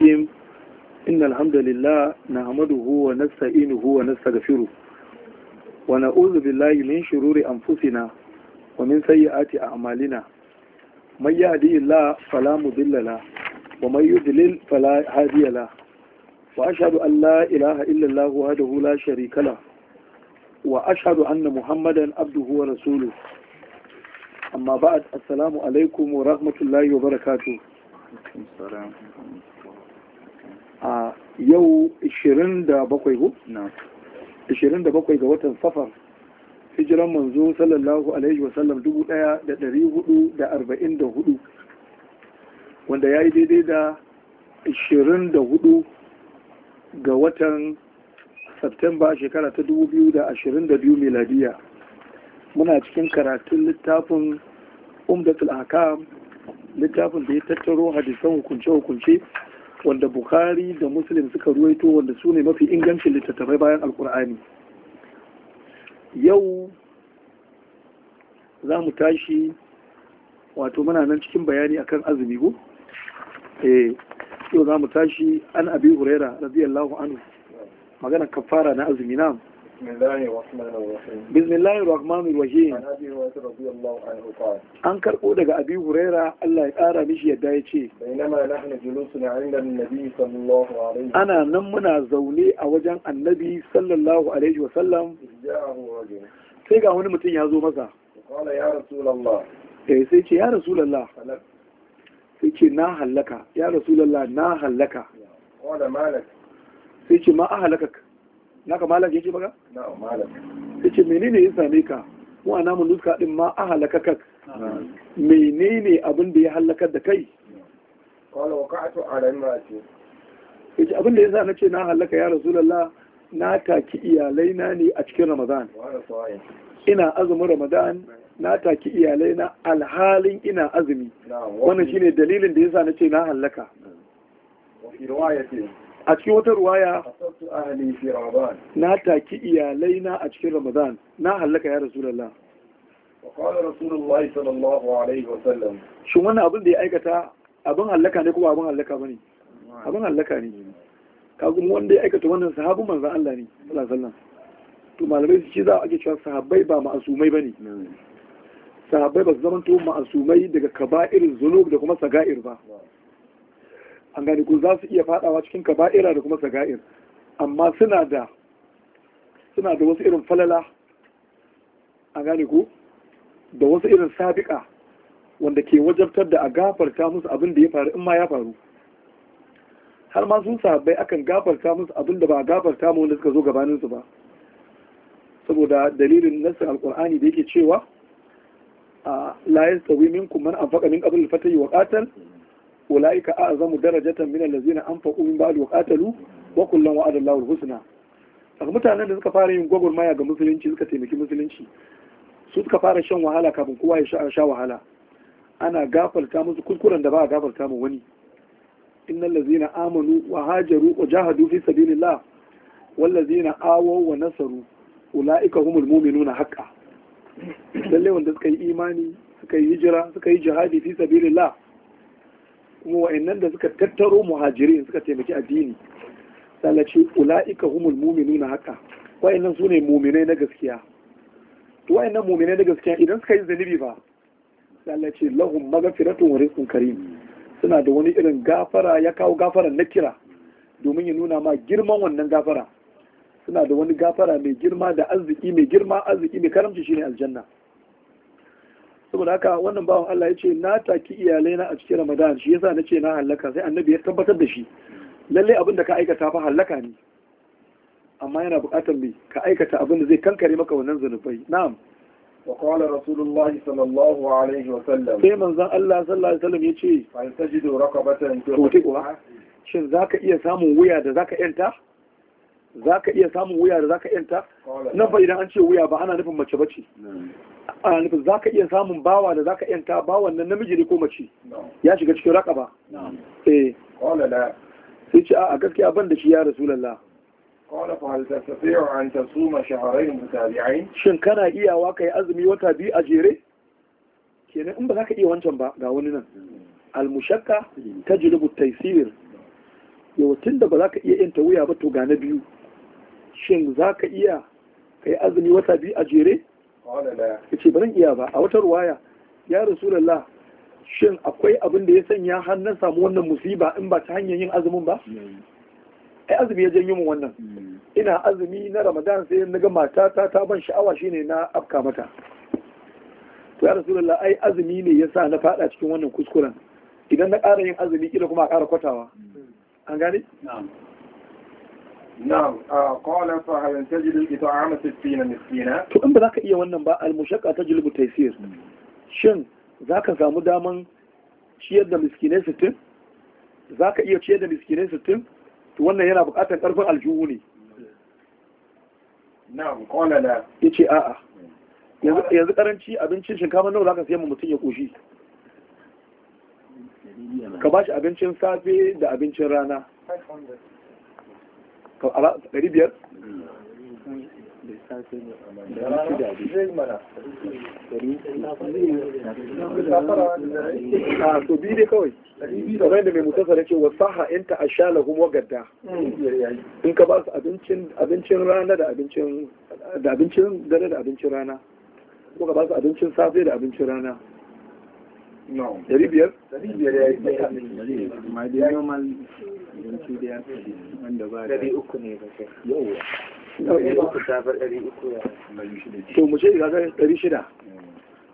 im inna alhamdulillah na hamaduhu wa nasta'inuhu wa nastaghfiru wa na'udhu billahi min shururi anfusina wa min sayyiati a'malina man yahdihillah fala mudilla la wa man yudlil fala la wa ashhadu an la ilaha illa allah wahdahu la sharika la wa ashhadu anna muhammadan abduhu wa rasuluhu amma ba'd assalamu alaikum wa rahmatullahi wa barakatuh yau 27 ko? 27 ga watan safar hijiran manzo sallallahu alaihi wa sallam 1444 wanda ya yi daidai da 24 ga watan Satamba shekara ta 2022 miladiya muna cikin karatun littafin umdatul akam littafin da ya tattaro hadisan hukunce-hukunce wanda bukhari da muslim suka ruwaito wanda su ne mafi ingancin littattafai bayan alkur'ani yau za mu tashi wato muna nan cikin bayani akan azumi ko eh, yau za mu tashi an abi huraira radiyallahu anhu magana kafara na azumi na بسم الله الرحمن الرحيم الله an karbo daga abi huraira Allah ya kara mishi yadda ya ce bainama nahnu ana nan muna zaune a wajen annabi sallallahu alaihi wa sallam sai ga wani mutum ya zo masa qala eh, sai ce ya rasulullah sai ce na ya na sai ce ma naka malam yake baka na'am malam yace menene ya same ka mu a namun nuska din ma a halaka kak menene abin da ya halakar da kai qala waqa'tu ala imrati yace abin da yasa nace na halaka ya rasulullah na taki iyalai na ne a cikin ramadan ina azumin ramadan na taki iyalai na alhalin ina azumi wannan shine dalilin da yasa nace na halaka wa riwayati a cikin wata ruwaya na taki iyalai na a cikin ramadan na hallaka ya rasu وقال رسول shin wannan abin da ya aikata abin hallaka ne kuma abin hallaka bane abin hallaka ne kaga wanda ya aikata wannan sahabu manzon Allah ne sallallahu to malamai su ce za a ake cewa sahabbai ba ma'asumai ba ne. sahabbai ba su zama to ma'asumai daga kaba irin zunub da kuma saga'ir ba an gani ko za su iya fadawa cikin kaba'ira da kuma saga'ir amma suna da suna da wasu irin falala an gani ko da wasu irin sabiƙa wanda ke wajabtar da a gafarta musu abin da ya faru in ma ya faru har ma sun sabai akan gafarta musu abin da ba a gafarta mu wanda suka zo gabaninsu ba saboda dalilin nassin alkur'ani da yake cewa la yastawi minkum man anfaqa min qabl al yi wa qatal ulaika a'zamu darajatan من الذين anfaqu من بعد وقاتلوا qatalu وعد الله الحسنى Allahu daga mutanen da suka fara yin gwagwarmaya ga musulunci suka taimaki musulunci su suka fara shan wahala kafin kowa ya sha wahala ana gafarta musu kuskuren da ba a gafarta mu wani innal ladzina amanu wa hajaru wa jahadu fi sabilillah wal ladzina awaw wa nasaru ulaika humul mu'minuna haqqan lalle wanda suka yi imani suka yi hijira suka yi jihadi fi sabilillah kuma wa'annan da suka tattaro muhajirin suka taimaki addini sallaci ula'ika humul muminuna haka wa'annan su ne muminai na gaskiya to wa'annan muminai na gaskiya idan suka yi zanibi ba sallaci lahum maghfiratun wa rizqun karim suna da wani irin gafara ya kawo gafara na kira domin ya nuna ma girman wannan gafara suna da wani gafara mai girma da arziki mai girma arziki mai karamci shine aljanna saboda haka wannan bawan Allah ya ce na taki iyalai na a cikin Ramadan shi yasa na ce na halaka, sai annabi ya tabbatar da shi lalle abin da ka aikata fa halaka ne amma yana buƙatar me ka aikata abin da zai kankare maka wannan zunubai na'am wa qala rasulullahi sallallahu alaihi wa sallam sai manzon Allah sallallahu alaihi wa sallam yace fa tajidu raqabatan tuqwa shin zaka iya samun wuya da zaka yanta za ka iya samun wuya da za ka yanta nan fa idan an ce wuya ba ana nufin mace bace A ana nufin za ka iya samun bawa da za ka yanta bawan nan namiji ne ko mace ya shiga cikin raka ba eh sai ce a gaskiya ban da shi ya rasulallah قال فهل تستطيع أن تصوم شهرين متابعين shin kana iyawa kai azumi wata biyu a jere kenan ba za ka iya wancan ba ga wani nan hmm. al-mushakka tajlibu at-taysir yau ba za ka iya yanta wuya ba to biyu shin za ka iya ka azumi wata biyu a jere? ya ce ba iya ba a wata ruwaya ya rasulallah shin akwai abin da ya sanya hannun samu wannan musiba in ba ta hanyar yin azumin ba hmm. ai azumi ya janyo min wannan hmm. ina azumi na ramadan sai na ga mata ta ta ban sha'awa shine na afka mata to ya rasulullah ai azumi ne ya sa na fada cikin wannan kuskuren idan na ƙara yin azumi kila kuma a ƙara kwatawa hmm. an gane na'am to in ba za ka iya wannan ba al mushaqqa tajlibu taysir shin za ka samu daman ciyar da miskinai sittin? za ka iya ciyar da miskinai sittin? to wannan yana buƙatar ƙarfin aljuhu ne yanzu karanci abincin shinkafa nawa za ka mutum ya ƙoshi? ka ba shi abincin safe da abincin rana ɗari biyar a ah, so biyu ne kawai kamar da mai mutasa da wa saha in ta asha lahum wagadda in ka ba su abincin rana da abincin dare da abincin rana ko ka ba su abincin safe da abincin rana dari biyar dari biyar ya yi yanzu da ya wanda ba da ba sai ya ɗari to mu ce kaga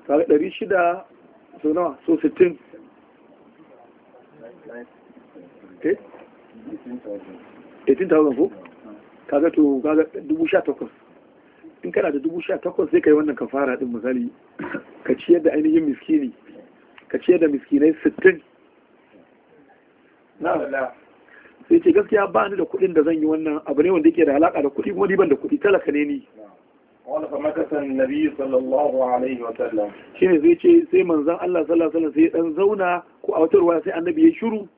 ɗari shida nawa so sittin eh? ko kaga to kaga dubu sha takwas in kana da dubu sha takwas sai kai wannan kafara din misali ka ciyar da ainihin miskini ka ciyar da miskinai sittin na sai ce gaskiya ba ni da kuɗin da zan yi wannan abu ne wanda yake da alaƙa da kuɗi kuma ni ban da kuɗi talaka ne ni wala fa makasan annabi sallallahu alaihi wa sallam shine zai ce sai manzon Allah sallallahu alaihi wa sallam sai dan zauna ko a wata ruwa sai annabi ya shiru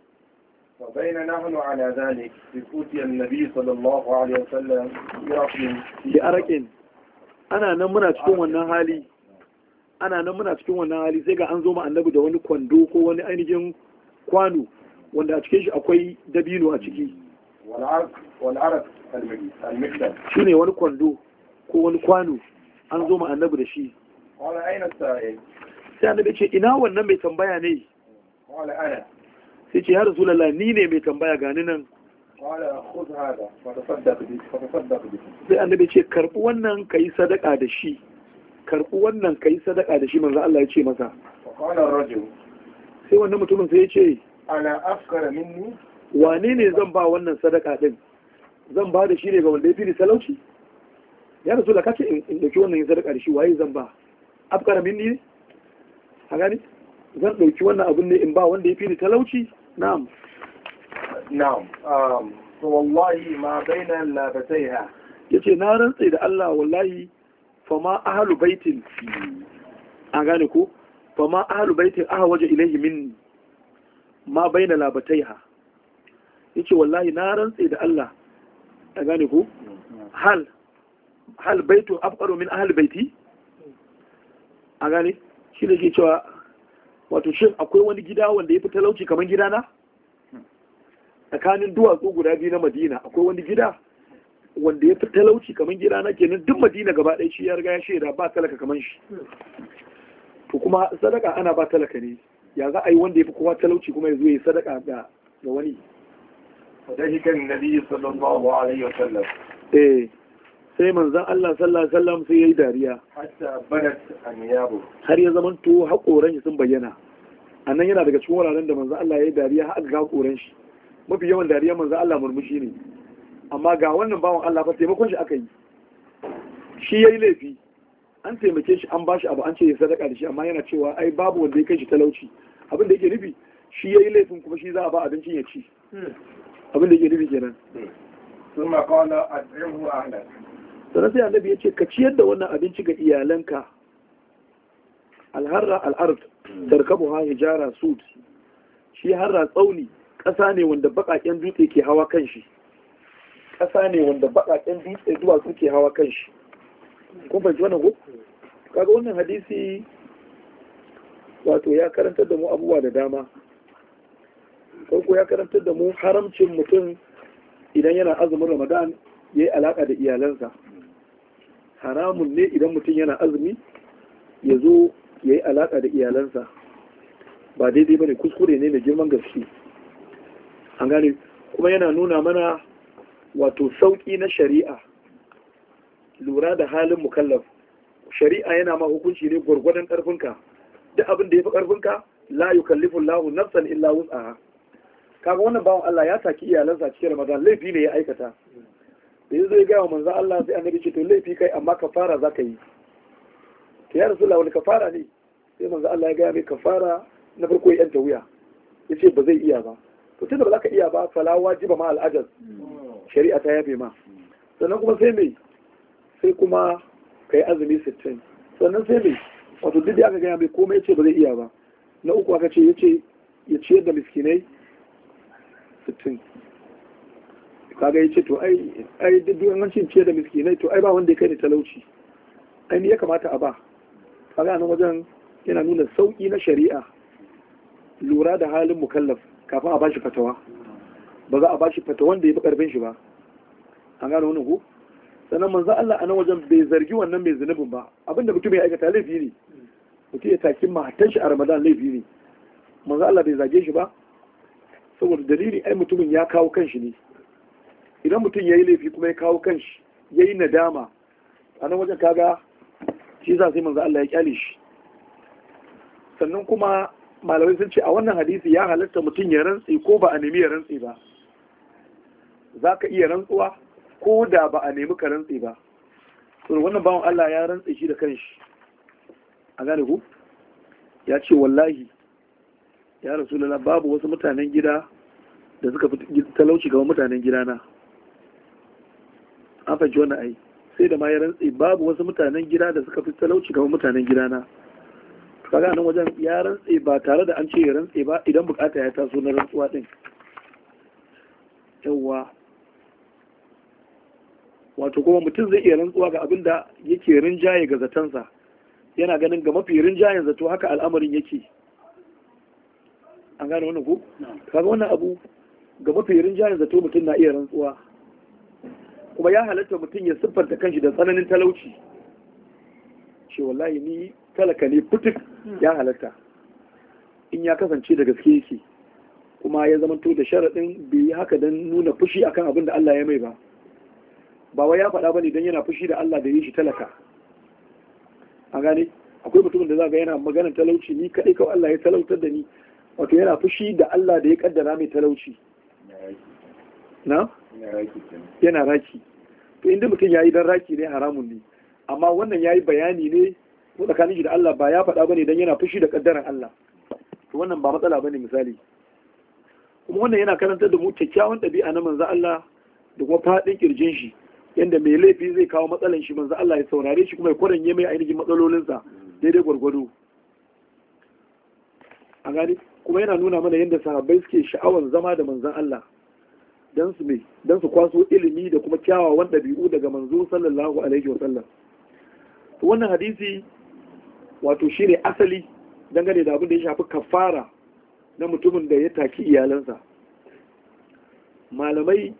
wa bayna nahnu ala zalik fi kuti annabi sallallahu alaihi wa sallam yarqin bi arqin ana nan muna cikin wannan hali ana nan muna cikin wannan hali sai ga an zo ma annabi da wani kwando ko wani ainihin kwano wanda a cikin shi akwai dabino a ciki shi ne wani kwando ko wani kwano an zo ma da shi sai annabi ce ina wannan mai tambaya ne sai ce ya rasulallah ni ne mai tambaya gani nan sai annabi ce karbi wannan ka yi sadaka da shi karbi wannan ka yi sadaka da shi manzo Allah ya ce masa sai wannan mutumin sai ya ce ala afkara minni wane ne zan ba wannan sadaka din zan ba da shi ne ga wanda ya fi talauci ya rasu da kace in dauki wannan yin sadaka da shi waye zan ba afkara minni ne a gani zan dauki wannan abun ne in ba wanda ya fi talauci na'am na'am um to wallahi ma baina labataiha yace na rantse da Allah wallahi fa ma ahlu baitin a gane ko fa ma ahlu baitin aha waje ilaihi minni ma bai na ha Ya ce wallahi na rantse da Allah a gane ku hal hal baitu afkaro min ahal baiti a gane shi ne ke cewa wato shi akwai wani gida wanda ya fi talauci kamar gidana tsakanin duwatsu guda biyu na madina akwai wani gida wanda ya fi talauci kamar gidana kenan duk madina gaba ɗaya shi ya riga ya shaida ba talaka kamar shi to kuma sadaka ana ba talaka ne ya za a yi wanda ya fi kowa talauci kuma ya zo ya sadaka ga ga wani fadahikan nabi sallallahu alaihi wa sallam eh sai manzon Allah sallallahu alaihi wasallam sallam sai yayi dariya hatta banat anyabu har ya zaman to hakoran shi sun bayyana annan yana daga cikin wuraren da manzon Allah yayi dariya har ga hakoran shi mafi yawan dariya manzon Allah murmushi ne amma ga wannan bawan Allah fa taimakon shi aka yi shi yayi laifi an taimake shi an bashi abu an ce ya sadaka da shi amma yana cewa ai babu wanda ya kai shi talauci abin da yake nufi shi ya yi laifin kuma shi za a ba abincin ya ci abin da yake nufi kenan sun makawala a tsirin ahlan sannan sai annabi ya ce ka ciyar da wannan abinci ga iyalanka alharra al'ard tarkabu ha hijara sud shi harra tsauni ƙasa ne wanda baƙaƙen dutse ke hawa kan shi ƙasa ne wanda baƙaƙen dutse duwatsu ke hawa kan shi kun fahimci wannan ko kaga wannan hadisi wato ya karantar da mu abubuwa da dama farko ya karantar da mu haramcin mutum idan yana azumin ramadan ya yi alaƙa da iyalansa haramun ne idan mutum yana azumi ya zo ya yi alaƙa da iyalansa ba daidai ba ne kuskure ne mai girman gaske an gane kuma yana nuna mana wato sauƙi na shari'a lura da halin mukallaf shari'a yana ma hukunci ne gwargwadon ƙarfinka da abin da ya fi ƙarfinka la kallifin lahu nafsan illa ha kaga wannan bawan Allah ya saki iyalansa cikin Ramadan laifi ne ya aikata da yanzu ya gaya wa manzo Allah sai annabi ce to laifi kai amma kafara ka yi Ta ya rasulullah wani kafara ne sai manzan Allah ya gaya mai kafara na farko ya yanta wuya ce ba zai iya ba to tunda ba za ka iya ba fala wajiba ma al'ajaz shari'a ta yabe ma sannan kuma sai me sai kuma kai azumi 60 sannan sai me wato duk da aka gaya mai komai ce ba zai iya ba na uku aka ce yace ya ciyar da miskinai 60 kaga yace to ai ai duk an ce ciyar da miskinai to ai ba wanda ya kai ni talauci ai ni ya kamata a ba kaga nan wajen yana nuna sauki na shari'a lura da halin mukallaf kafin a bashi fatawa ba za a bashi fatawa da ya fi karfin shi ba an gane wani ku sannan manzo Allah a nan wajen bai zargi wannan mai zunubin ba abinda mutum ya aikata laifi ne mutum ya taki matan shi a ramadan laifi ne manzo Allah bai zage shi ba saboda dalili ai mutumin ya kawo kanshi ne idan mutum ya yi laifi kuma ya kawo kanshi ya yi nadama a nan wajen kaga shi sa sai manzo Allah ya kyale shi sannan kuma malamai sun ce a wannan hadisi ya halatta mutum ya rantse ko ba a nemi ya rantse ba za ka iya rantsuwa ko da ba a nemi ka rantse ba to wannan bawan Allah ya rantse shi da kanshi a gane ku ya ce wallahi ya rasulullah babu wasu mutanen gida da suka fi talauci gaba mutanen gida na. an fahimci wannan ai sai da ma ya rantsi babu wasu mutanen gida da suka fi talauci gaba mutanen gida ka ga nan wajen ya rantse ba tare da an ce ya rantsi ba idan bukata ya taso na rantsuwa din yawwa wato kuma mutum zai iya rantsuwa ga abin da yake rinjaye ga zatansa yana ganin ga mafi rinjayen zato haka al'amarin yake an gane wannan ko kaga wannan abu ga mafi rinjayen zato mutum na iya rantsuwa kuma ya halatta mutum ya siffanta kanshi da tsananin talauci ce wallahi ni talaka ne putik ya halatta in ya kasance da gaske yake kuma ya zamanto da sharaɗin bai yi haka don nuna fushi akan abin da Allah ya mai ba ba wai ya faɗa ba ne don yana fushi da Allah da yi shi talaka a gane akwai mutumin da za ga yana maganar talauci ni Kaɗai kawai Allah ya talautar da ni wato yana fushi da Allah da ya kaddara mai talauci na yana raki to inda mutum ya yi dan raki ne haramun ne amma wannan ya yi bayani ne ko tsakanin shi da Allah ba ya faɗa bane dan yana fushi da kaddaran Allah to wannan ba matsala bane misali kuma wannan yana karantar da mu kyakkyawan ɗabi'a na manzo Allah da kuma faɗin kirjin shi Yadda mai laifi zai kawo matsalan shi manzo Allah ya saurare shi kuma ya kwaranye mai ainihin matsalolinsa daidai gwargwado a gani kuma yana nuna mana yadda sahabbai suke sha'awar zama da manzon Allah dan su mai dan su kwaso ilimi da kuma kyawawan ɗabi'u daga manzo sallallahu alaihi wasallam to wannan hadisi wato shine asali dangane da abin da ya shafi kafara na mutumin da ya taki iyalansa malamai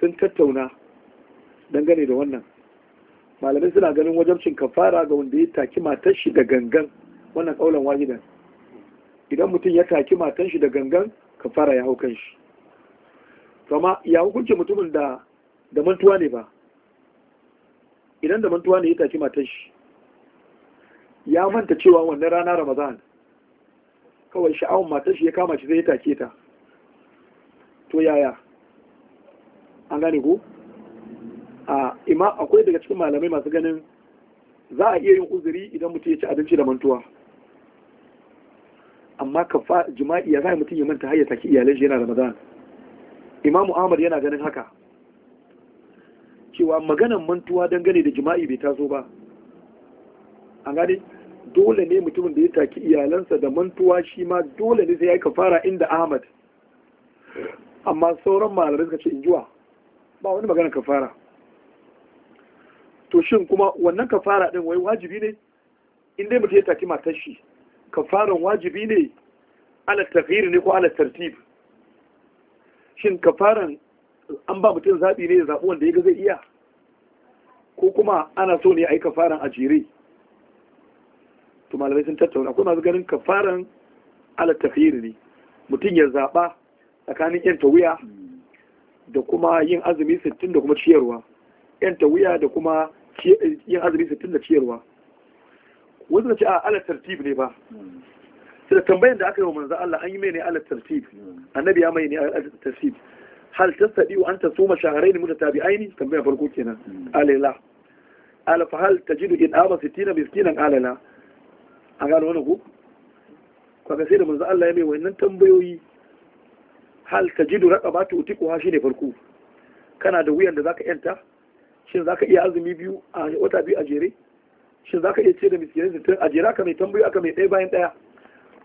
sun tattauna dangane da wannan malamai suna ganin wajabcin kafara ga wanda ya taki matan shi da gangan wannan kaulan wahidan idan mutum ya taki matan shi da gangan kafara ya hau kanshi kama ya hukunci mutumin da da mantuwa ne ba idan da mantuwa ne ya taki matan shi ya manta cewa wannan rana ramadan kawai sha'awun matan shi ya kama shi zai take ta to yaya an gane ko ima akwai daga cikin malamai masu ganin za a iya yin uzuri idan mutum ya ci abinci da mantuwa amma fa jima'i ya zai mutum ya manta har ya saki iyalan shi yana ramadan imamu ahmad yana ganin haka cewa maganan mantuwa dangane da jima'i bai taso ba an gani dole ne mutumin da ya taki iyalansa da mantuwa shi ma dole ne sai ya yi kafara inda ahmad amma sauran malamai suka ce in injuwa ba wani maganar fara. to shin kuma wannan kafara din wai wajibi ne in dai mutum ya taki matar shi kafaran wajibi ne ala tafiyar ne ko ala tartib shin kafaran an ba mutum zaɓi ne ya zaɓi wanda ya ga zai iya ko kuma ana so ne a yi kafaran a jere to malamai sun tattauna akwai masu ganin kafaran ala tafiyar ne mutum ya zaɓa tsakanin yan tawiya da kuma yin azumi sittin da kuma ciyarwa yan tawiya da kuma yin azumi sittin da ciyarwa wasu ce a ala tartib ne ba sai tambayin da aka yi wa manzo Allah an yi mai ne ala tartib annabi ya mai ne ala tartib hal tastadi wa anta suma shahrayn mutatabi'ain Tambaya farko kenan hmm. alila ala fa hal tajidu in aba 60 miskinan alila A gano wannan ku ga sai da manzo Allah ya mai wannan tambayoyi hal tajidu raqabatu utiquha shine farko kana da wuyan da zaka yanta shin za ka iya azumi biyu a wata biyu a jere shin za ka iya ce da miskinai sittin a jere aka mai tambayi aka mai ɗaya bayan ɗaya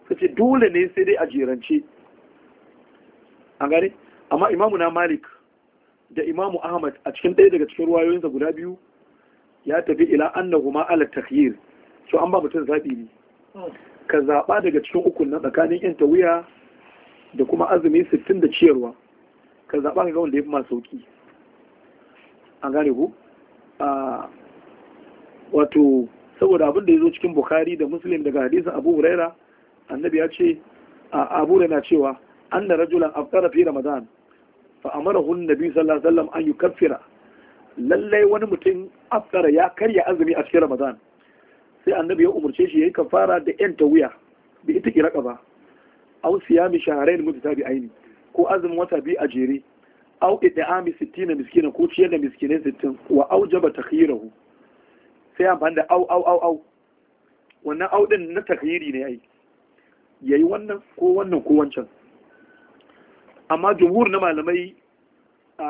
ta ce dole ne sai dai a jerance A gani? amma imamu na malik da imamu ahmad a cikin ɗaya daga cikin ruwayoyinsa guda biyu ya tafi ila annahu ma ala takhyir so an ba mutum zaɓi ne ka zaɓa daga cikin uku na tsakanin yan tawiya da kuma azumi sittin da ciyarwa ka zaɓa ga wanda ya fi ma sauki an gane ku wato saboda abin da ya zo cikin bukhari da muslim daga hadisin abu huraira annabi ya ce abu na cewa an da rajulan aftara fi ramadan fa amarahu nabi sallallahu alaihi wasallam an yukaffira lallai wani mutum aftara ya karya azumi a cikin ramadan sai annabi ya umarce shi yayi kafara da yan tawiya da ita kiraka ba aw ta bi aini. ko azumin wata biyu a jere au idami 60 miskina ko ciyar da miskinai 60 wa aujaba takhirahu sai amfani da au au au au wannan au din na takhiri ne ai yayi wannan ko wannan ko wancan amma jumhur na malamai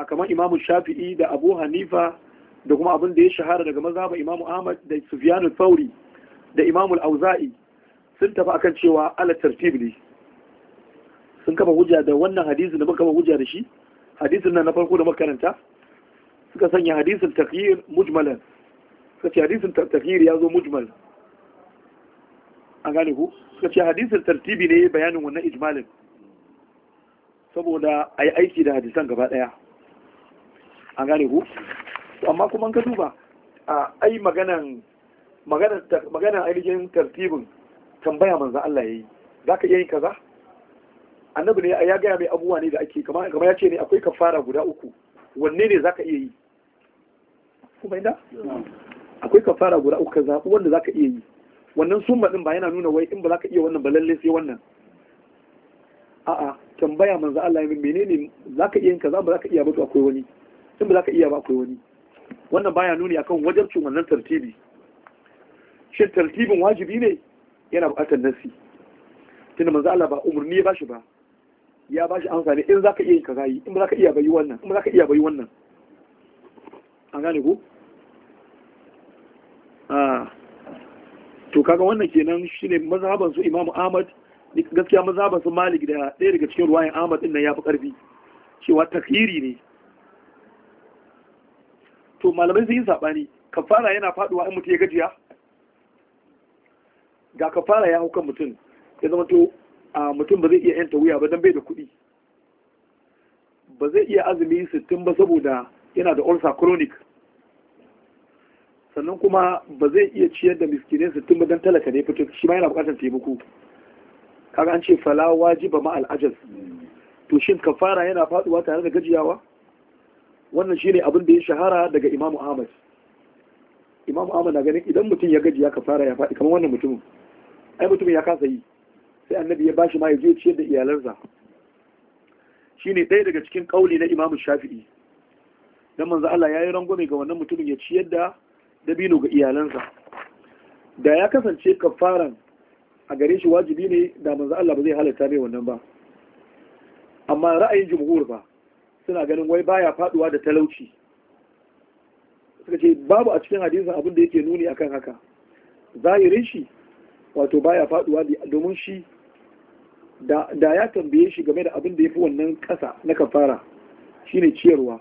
kamar imamu shafi'i da abu hanifa da kuma abin da ya shahara daga mazhaba imamu ahmad da sufyanu thauri da imamu al-auza'i sun tafi akan cewa ala tartib ne sun kafa hujja da wannan hadisi da muka kafa hujja da shi hadisin nan na farko da makaranta suka sanya hadisin takhir mujmalan suka ce hadisin takhir ya zo mujmal an gane ku suka ce hadisin tartibi ne bayanin wannan ijmalin saboda a yi aiki da hadisan gaba daya an gane ku amma kuma ka duba a ai maganan maganan ainihin tartibin tambaya manzo Allah yayi zaka iya yin kaza annabi ne ya gaya mai abubuwa ne da ake kama ya ce ne akwai kafara guda uku wanne ne zaka iya yi kuma inda akwai kafara guda uku kaza wanda zaka iya yi wannan summa din ba yana nuna wai in ba zaka iya wannan ba lalle sai wannan a'a tambaya manzo Allah yayin menene zaka iya yin kaza ba zaka iya ba to akwai wani in ba zaka iya ba akwai wani wannan baya nuni akan wajabcin wannan tartibi shin tartibin wajibi ne yana buƙatar nasi tunda manzo Allah ba umarni ya bashi ba ya bashi amsa ne in zaka iya yin ka yi in ba za ka iya bayi wannan in ba za ka iya bayi wannan an gane ku? Ah. to kaga wannan kenan shine mazhaban su Imam Ahmad gaskiya mazhaban su Malik da ɗaya daga cikin ruwayan Ahmad din nan yafi karfi cewa takhiri ne to malamai sun yi sabani kafara yana faduwa in mutum ya gajiya ga kafara ya hau kan mutum ya zama to a mutum ba zai iya yanta wuya ba don bai da kuɗi ba zai iya azumi sittin ba saboda yana da ulcer chronic sannan kuma ba zai iya ciyar da miskinai sittin ba don talaka ne fito shi ma yana buƙatar taimako kaga an ce fala wajiba ma al'ajaz to shin kafara yana faduwa tare da gajiyawa wannan shine abin da ya shahara daga imamu ahmad imamu ahmad na ganin idan mutum ya gajiya kafara ya faɗi kamar wannan mutumin ai mutumin ya kasa yi sai annabi ya bashi ma ya je ciyar da iyalansa shine ɗaya daga cikin ƙauli na imamu shafi'i dan manzo Allah ya yi rangwame ga wannan mutumin ya ciyar da dabino ga iyalansa da ya kasance kafaran a gare shi wajibi ne da manzo Allah ba zai halatta mai wannan ba amma ra'ayin jumhur ba suna ganin wai baya faduwa da talauci suka ce babu a cikin hadisin abin da yake nuni akan haka zahirin shi wato baya faduwa domin shi da ya tambaye shi game da abin da ya fi wannan ƙasa na kafara shine ciyarwa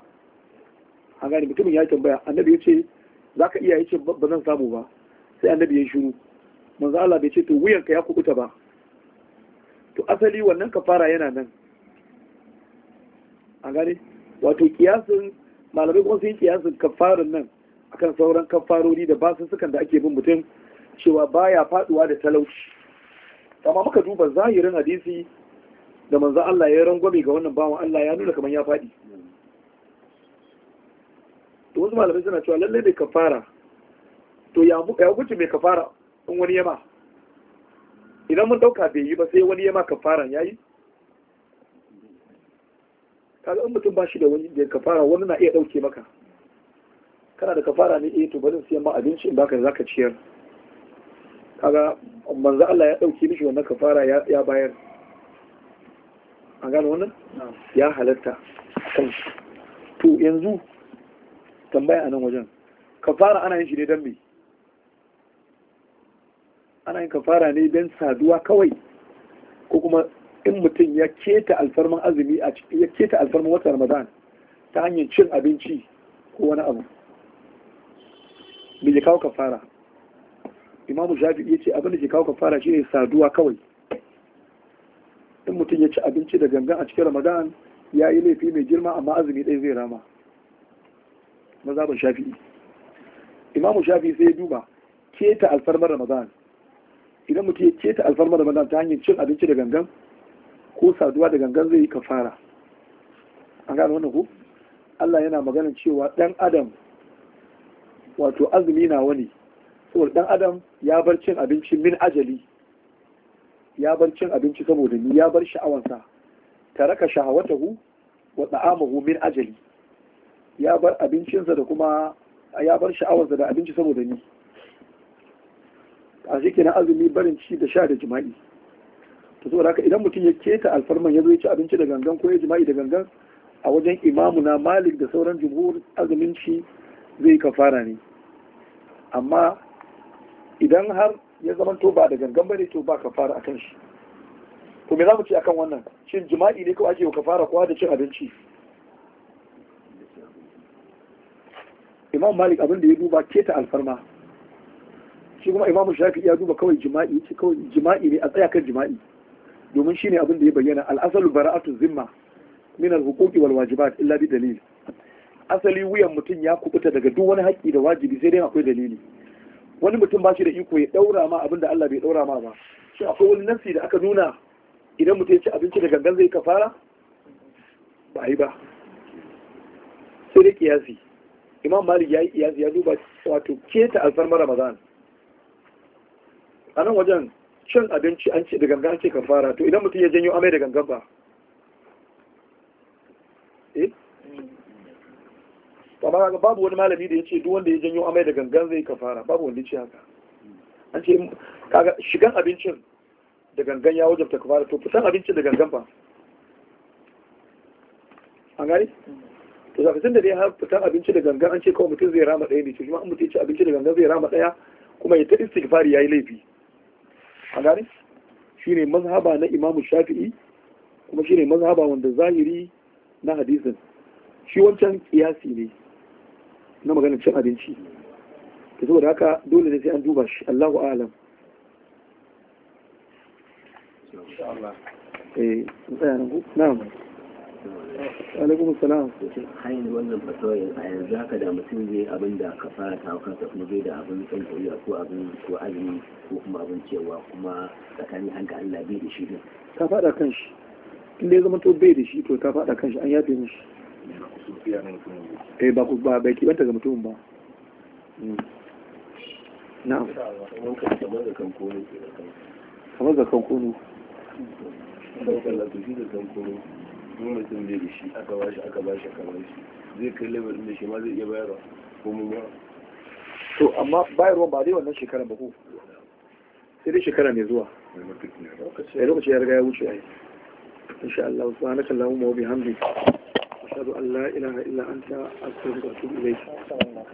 a gane mutumin ya tambaya annabi ya ce za ka iya yace ba zan samu ba sai annabi ya shiru manzo Allah bai ce to wuyanka ya kubuta ba to asali wannan kafara yana nan a gane wato kiyasin malamai kuma sun kiyasin kafarin nan akan sauran kafarori da basu sukan da ake bin mutum cewa baya faduwa da talauci amma muka duba zahirin hadisi da manzo Allah ya rangwame ga wannan bawan Allah ya nuna kamar ya faɗi to wasu malamai suna cewa lalle bai kafara to ya guji mai kafara in wani yama idan mun dauka bai yi ba sai wani yama kafaran yayi kaga in mutum ba shi da wani da kafara wani na iya dauke maka kana da kafara ne eh to bari sai ma abinci in baka zaka ciyar kaga manzo Allah ya dauke mishi wannan kafara ya bayar an gano wannan ya halatta kan to yanzu tambaya a nan wajen kafara ana yin shi ne don me ana yin kafara ne don saduwa kawai ko kuma in mutum ya keta alfarman azumi a ya keta alfarman watan ramadan ta hanyar cin abinci ko wani abu bai kawo kafara imamu jabi ya ce abin da ke kawo kafara shine saduwa kawai in mutum ya ci abinci da gangan a cikin ramadan ya yi laifi mai girma amma azumi ɗaya zai rama mazaban shafi'i imamu shafi sai ya duba keta alfarmar ramadan idan mutum ya keta alfarmar ramadan ta hanyar cin abinci da gangan ko saduwa da gangan zai yi kafara an gane wannan ko Allah yana maganin cewa ɗan adam wato azumi na wani saboda dan adam ya bar cin abinci min ajali ya bar cin abinci saboda ni ya bar sha'awansa taraka shahawatahu wa ta'amahu min ajali ya bar abincinsa da kuma ya bar sha'awarsa da abinci saboda ni a shi kenan azumi barin ci da sha da jima'i to saboda haka idan mutum ya keta alfarman ya zo ya ci abinci da gangan ko ya jima'i da gangan a wajen imamuna malik da sauran jumhur azumin shi zai kafara ne amma idan har ya zama to ba da gangan bane to ba kafara akan shi to me za mu ce akan wannan shin jima'i ne kawai ake ka kafara kowa da cin abinci imam malik abin da ya duba keta alfarma shi kuma imam shafi ya duba kawai jima'i ce kawai jima'i ne a tsaya kan jima'i domin shine abin da ya bayyana al'asalu bara'atu zimma min al-huquqi wal wajibat illa bi dalil asali wuyan mutum ya kubuta daga duk wani haƙƙi da wajibi sai dai akwai dalili wani mutum ba shi da iko ya daura ma abin da Allah bai daura ma ba shi akwai wani nafsi da aka nuna idan mutum ya ci abinci da gangan zai kafara ba yi ba sai dai kiyasi imam malik ya yi kiyasi ya duba wato keta alfarmar ramadan a nan wajen cin abinci an ce da gangan ce kafara to idan mutum ya janyo amai da gangan ba amma babu wani malami da ya ce duk wanda ya janyo amai da gangan zai kafara babu wanda ya ce haka an ce kaga shigan abincin da gangan ya wajabta kafara to fitan abincin da gangan fa an gani to zaka tunda dai har fitan abincin da gangan an ce kawai mutum zai rama ɗaya ne to kuma an mutum ya ci abincin da gangan zai rama ɗaya kuma ya ta istighfari yayi laifi an gani shine mazhaba na Imam Shafi'i kuma shine mazhaba wanda zahiri na hadisin shi wancan kiyasi ne na maganin cin abinci da saboda haka dole ne sai an duba shi Allahu alam eh tsaya nan na'am wannan fatawayin a yanzu haka da mutum zai abin da ka fara ta kansa kuma zai da abin kan kuriya ko abin ko azumi ko kuma abin cewa kuma tsakanin an ga Allah bai da shi din ka fada kan shi in dai zama to bai da shi to ka fada kan shi an yafe mishi eh ba ku ba bai kibanta ga mutum ba hmm. kamar ga kan kono mutum da shi aka bashi aka bashi aka bashi zai kai level da shi ma zai iya bayarwa ko to amma bayarwa ba dai wannan ba ko sai dai shekara mai zuwa eh, lokaci ya riga ya wuce ai insha Allah subhanaka Allahumma wa bihamdika أشهد أن لا إله إلا أنت أستغفرك إليك